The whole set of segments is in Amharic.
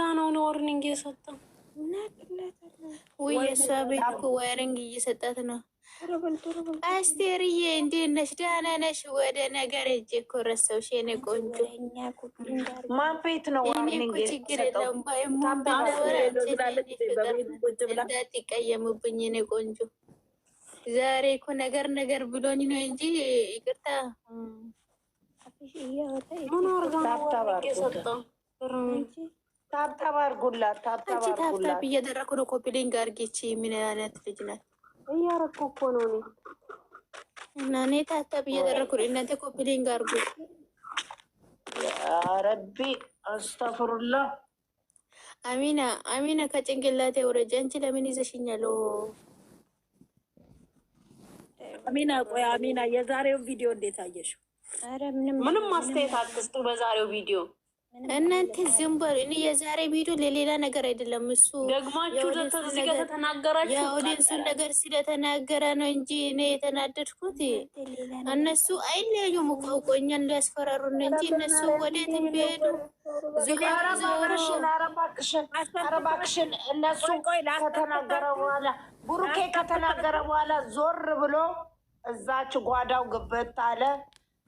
ጋር ነው ወርኒንግ የሰጠው። ውይ እሷ ቤት እኮ ወርኒንግ እየሰጠት ነው። አስቴርዬ እንዴት ነሽ? ደህና ነሽ? ወደ ነገር ሂጅ። እኮ ረሳሁሽ የእኔ ቆንጆ። ማን ቤት ነው ወርኒንግ የሰጠው? እንዳትቀየሙብኝ የእኔ ቆንጆ። ዛሬ እኮ ነገር ነገር ብሎኝ ነው እንጂ ይቅርታ ምን ወርጋ ነው ወርኒንግ ታብታብ አድርጉላት። ታብታብ ታብታብ እያደረኩ ነው። ኮፒሊንግ አድርጌች ምን አይነት ልጅ ናት? እያረኩ እኮ ነው እኔ እና እኔ ታብታብ እያደረኩ ነው። እናንተ ኮፒሊንግ አድርጉ። ያረቢ አስተፍሩላ። አሚና አሚና፣ ከጭንቅላቴ ውረጅ። አንቺ ለምን ይዘሽኛል? አሚና ቆይ፣ አሚና የዛሬው ቪዲዮ እንዴት አየሽው? ምንም አስተያየት አትስጡ በዛሬው ቪዲዮ እናንተ ዝም በሉ። እኔ የዛሬ ቪዲዮ ለሌላ ነገር አይደለም። እሱ ደግማችሁ ተናገራችሁ የኦዲንሱን ነገር ስለተናገረ ነው እንጂ እኔ የተናደድኩት እነሱ አይለያዩም። ከውቆኛን ሊያስፈራሩን እንጂ እነሱ ወዴት ቢሄዱ አረባክሽን እነሱ ከተናገረ በኋላ ቡሩኬ ከተናገረ በኋላ ዞር ብሎ እዛች ጓዳው ግብት አለ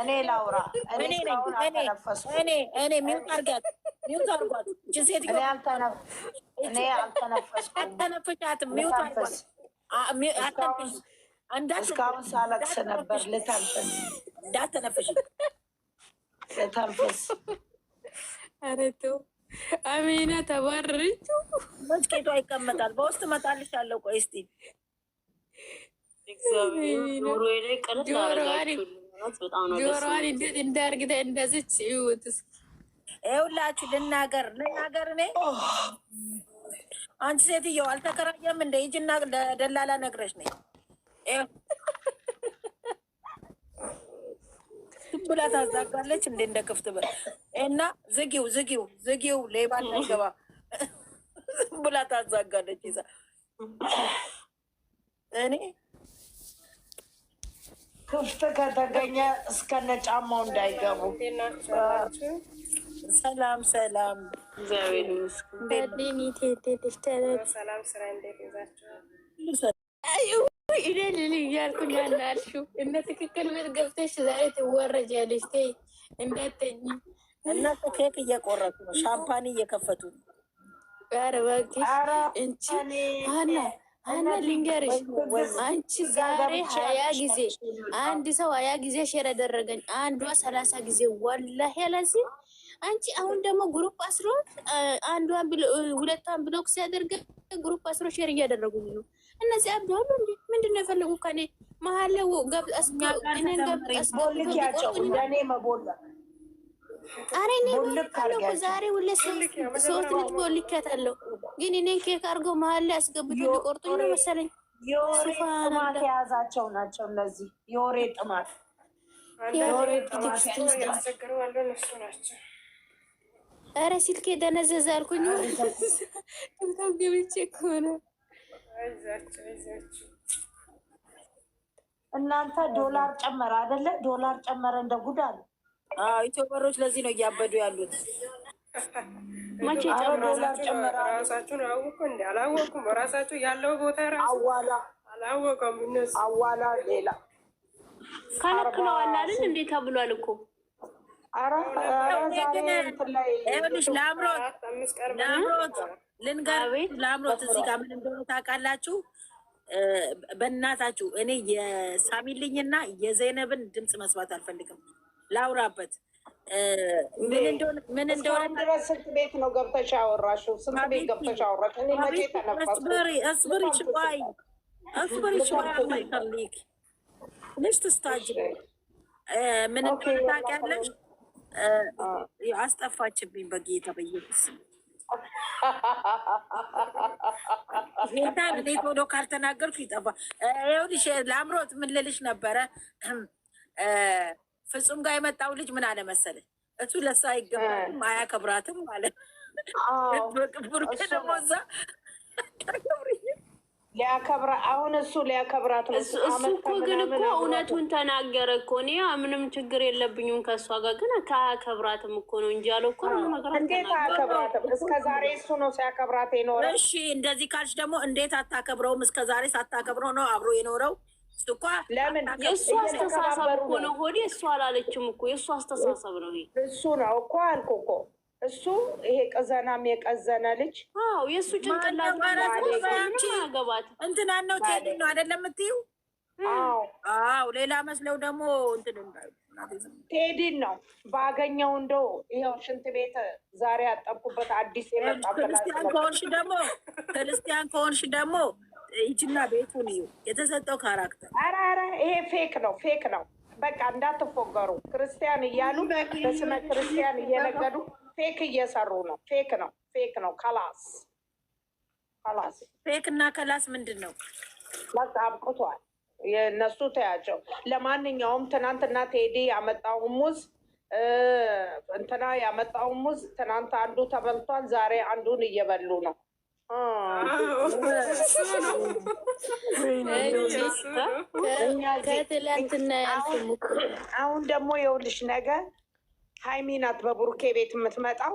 እኔ ላውራ እኔ እኔ ሚውት ሚውት እኔ አልተነፈስኩም። ሚውት እስካሁን ሳለቅስ ነበር። ልተንፍስ እንዳትተነፍሽ፣ ልተንፍስ። ኧረ ተው አሜና ተባረረችው። መስኬቷ ይቀመጣል። በውስጥ እመጣልሻለሁ። ቆይ እስኪ ጆሮዋን እንዴት እንዳርግተ እንደዚች ይውትስ ልናገር ልናገር እኔ አንቺ ሴትዮ አልተከራየም እንደ ሂጂና ለደላላ ነግረሽ ነኝ ብላ ታዛጋለች። እንደ ክፍት በር እና ዝጊው ዝጊው ዝጊው ሌባ ብላ ታዛጋለች ይዛ እኔ ክፍት ከተገኘ እስከነ ጫማው እንዳይገቡ። ሰላም ሰላም፣ ይደልል እያልኩ ናናልሹ ትክክል ቤት ገብተሽ ዛሬ ትወረጃለሽ። ተይ እንዳትተኝ። እነሱ ኬክ እየቆረጡ ነው፣ ሻምፓኒ እየከፈቱ ነው። ኧረ እባክሽ እንቺ ሀና እና ልንገርሽ አንቺ ዛሬ ሀያ ጊዜ አንድ ሰው ሀያ ጊዜ ሼር ያደረገኝ አንዷ ሰላሳ ጊዜ ወላሂ ያላዚም። አንቺ አሁን ደግሞ ግሩፕ አስሮ አንዷን ሁለቷን ብሎክ ሲያደርገ ግሩፕ አስሮ ሼር እያደረጉኝ ነው። እነዚህ አብዶ ሁሉ እንዲ ምንድን ነው የፈለጉ ከኔ መሀል ገብእኔን ገብስቦልያቸውእኔ መቦላ አሬ ዛሬ ሁለት ሶስት ልትቦልካታለሁ ግን እኔ ኬክ አድርገው መሀል ላይ አስገብቶ ሊቆርጡ ነው መሰለኝ። የወሬ ጥማት የያዛቸው ናቸው እነዚህ። የወሬ ጥማት የወሬ ጥማት እነሱ ናቸው። ኧረ ስልኬ ደነዘዝ አልኩኝ። በጣም ገብቼ ከሆነ እናንተ ዶላር ጨመረ አይደለ? ዶላር ጨመረ እንደ ጉድ አሉ ኢትዮጵያሮች። ለዚህ ነው እያበዱ ያሉት። መቼ ጨመራራሳችሁን አወቁ እንዴ? አላወቁም። ራሳችሁ ያለው ቦታ ራሱ አዋላ አላወቀም። እነሱ አዋላ ሌላ ከለክለዋል አይደል እንዴ ተብሏል እኮ ላምሮት ልንገር ላምሮት እዚህ ጋር ምን እንደሆነ ታውቃላችሁ? በእናታችሁ እኔ የሳሚልኝና የዘይነብን ድምፅ መስማት አልፈልግም። ላውራበት ምን እንደሆነ ድረስ ስንት ቤት ነው ገብተሽ አወራሽው? ስንት ቤት ገብተሽ አወራሽ? እኔ መቼ ልጅ ትስታጅ ምን ታውቂያለሽ? አስጠፋችብኝ በጌታ በየስ ጌታ እንዴት ካልተናገርኩ ይጠፋ። ይኸውልሽ ለአምሮት ምን ልልሽ ነበረ ፍጹም ጋር የመጣው ልጅ ምን አለ መሰለህ፣ እሱ ለእሷ አይገባም አያከብራትም ማለት ቡርኬደሞዛ ሊያከብራ አሁን እሱ ሊያከብራት እሱ እኮ ግን እኮ እውነቱን ተናገረ እኮ እኔ ምንም ችግር የለብኝም ከእሷ ጋር ግን ከአያከብራትም እኮ ነው እንጂ ያለው እኮ እንዴት አያከብራትም እስከ ዛሬ እሱ ነው ሲያከብራት የኖረው እሺ እንደዚህ ካልሽ ደግሞ እንዴት አታከብረውም እስከ ዛሬ ሳታከብረው ነው አብሮ የኖረው ለምን አስተሳሰብ እኮ ሆዴ። እሱ አላለችም እኮ የእሱ አስተሳሰብ ነው እሱ ነው እኮ አልኩ እኮ እሱ ይሄ ቀዘናም የቀዘነ ልጅ አዎ፣ የእሱ ጭንቅላት ገባት። እንትናን ነው ቴዲ ነው አይደለም እምትይው? አዎ፣ ሌላ መስለው ደግሞ ቴዲን ነው ባገኘው። እንደው ይኸው ሽንት ቤት ዛሬ አጠብኩበት አዲስ የመጣ ክርስቲያን ከሆንሽ ደግሞ ክርስቲያን ከሆንሽ ደግሞ ሂጂና ቤቱን እዩ። የተሰጠው ካራክተር ኧረ ኧረ ይሄ ፌክ ነው፣ ፌክ ነው። በቃ እንዳትፎገሩ። ክርስቲያን እያሉ በስመ ክርስቲያን እየነገዱ ፌክ እየሰሩ ነው። ፌክ ነው፣ ፌክ ነው። ከላስ ከላስ ፌክ እና ከላስ ምንድን ነው? በቃ አብቅቷል። የእነሱ ተያቸው። ለማንኛውም ትናንትና ቴዲ ያመጣው ሙዝ እንትና ያመጣው ሙዝ ትናንት አንዱ ተበልቷል። ዛሬ አንዱን እየበሉ ነው። አሁን ደግሞ የውልሽ ነገር ሀይሚ ናት በብሩኬ ቤት የምትመጣው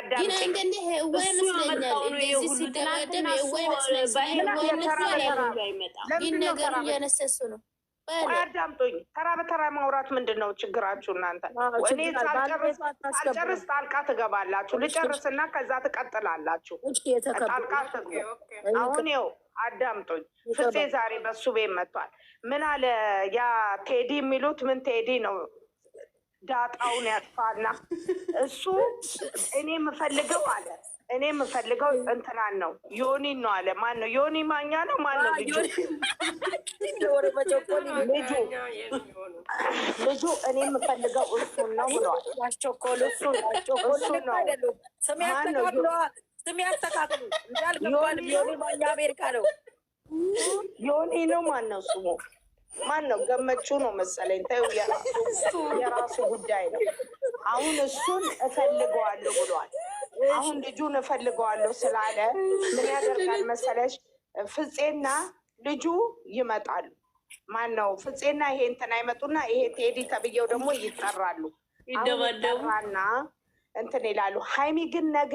አዳምጦኝ ተራ በተራ ማውራት ምንድን ነው ችግራችሁ? እናንተ እኔ ሳልጨርስ ጣልቃ ትገባላችሁ። ልጨርስና ከዛ ትቀጥላላችሁ። ጣልቃ አሁን ይኸው አዳምጦኝ ፍፄ ዛሬ በሱ ቤት መጥቷል። ምን አለ ያ ቴዲ የሚሉት ምን ቴዲ ነው ዳጣውን ያጥፋና እሱ እኔ የምፈልገው አለ እኔ የምፈልገው እንትናን ነው ዮኒን ነው አለ። ማን ነው ዮኒ? ማኛ ነው ማን ነው ልጁ? ልጁ እኔ የምፈልገው እሱን ነው ብለዋል። ብሏል። ዮኒ ነው ማን ነው ስሙ? ማን ነው ገመቹ ነው መሰለኝ። ተይው የራሱ ጉዳይ ነው። አሁን እሱን እፈልገዋለሁ ብሏል። አሁን ልጁን እፈልገዋለሁ ስላለ ምን ያደርጋል መሰለሽ፣ ፍፄና ልጁ ይመጣሉ። ማን ነው ፍፄና ይሄ እንትን አይመጡና ይሄ ቴዲ ተብዬው ደግሞ ይጠራሉ። ይደባደቡና እንትን ይላሉ። ሀይሚ ግን ነገ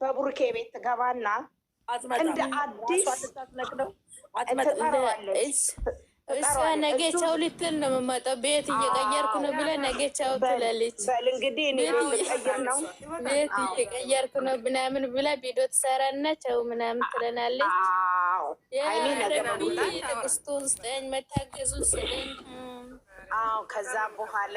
በቡርኬ ቤት ትገባና እንደ አዲስ እሷ ነገ ቻው ልትል ነው የምመጣው። ቤት እየቀየርኩ ነው ብለህ ነገ ቻው ትላለች። ቤት እየቀየርኩ ነው ምናምን ብለህ ቪዲዮ ትሰራና ቻው ምናምን ትለናለች። የረቢ ስጠኝ፣ መታገዙን ስጠኝ። ከዛ በኋላ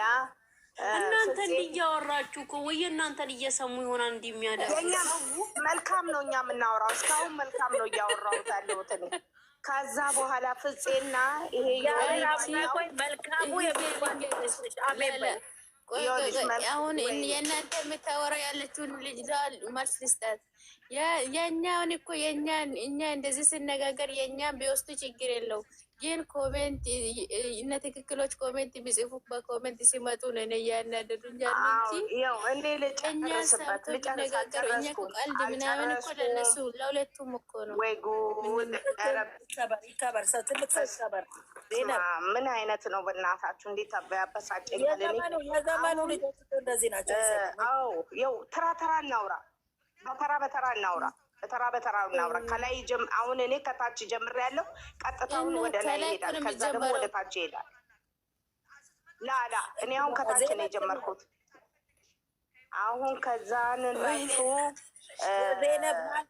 እናንተን እያወራችሁ እኮ ወይ እናንተን እየሰሙ ይሆናል እንዲህ የሚያደርጉት። የእኛም መልካም ነው፣ እኛ የምናወራው እስካሁን መልካም ነው እያወራሁት ያለሁት እኔ። ከዛ በኋላ ፍፄና ይሄ መልካሙ አሁን የእናንተ የምታወራው ያለችውን ልጅ መልስ ልስጣት። የእኛውን እኮ የእኛ እኛ እንደዚህ ስነጋገር የእኛ ቢወስዱ ችግር የለውም ይህን ኮሜንት እነ ትክክሎች ኮሜንት የሚጽፉ በኮሜንት ሲመጡ ነነ እያናደዱኝ ነጋገሩ እኛ ቀልድ ምናምን እኮ ለነሱ ለሁለቱም እኮ ነው። ምን አይነት ነው? በእናታችሁ እንዴት ያበሳጨኛል። የዘመኑ ልጆች እንደዚህ ናቸው። ተራ ተራ እናውራ፣ በተራ በተራ እናውራ። ተራ በተራ እናውራ። ከላይ አሁን እኔ ከታች ጀምር ያለው ቀጥታውን ወደ ላይ ይሄዳል፣ ከዛ ደግሞ ወደ ታች ይሄዳል። ላላ እኔ አሁን ከታች ነው የጀመርኩት። አሁን ከዛን ዜነባል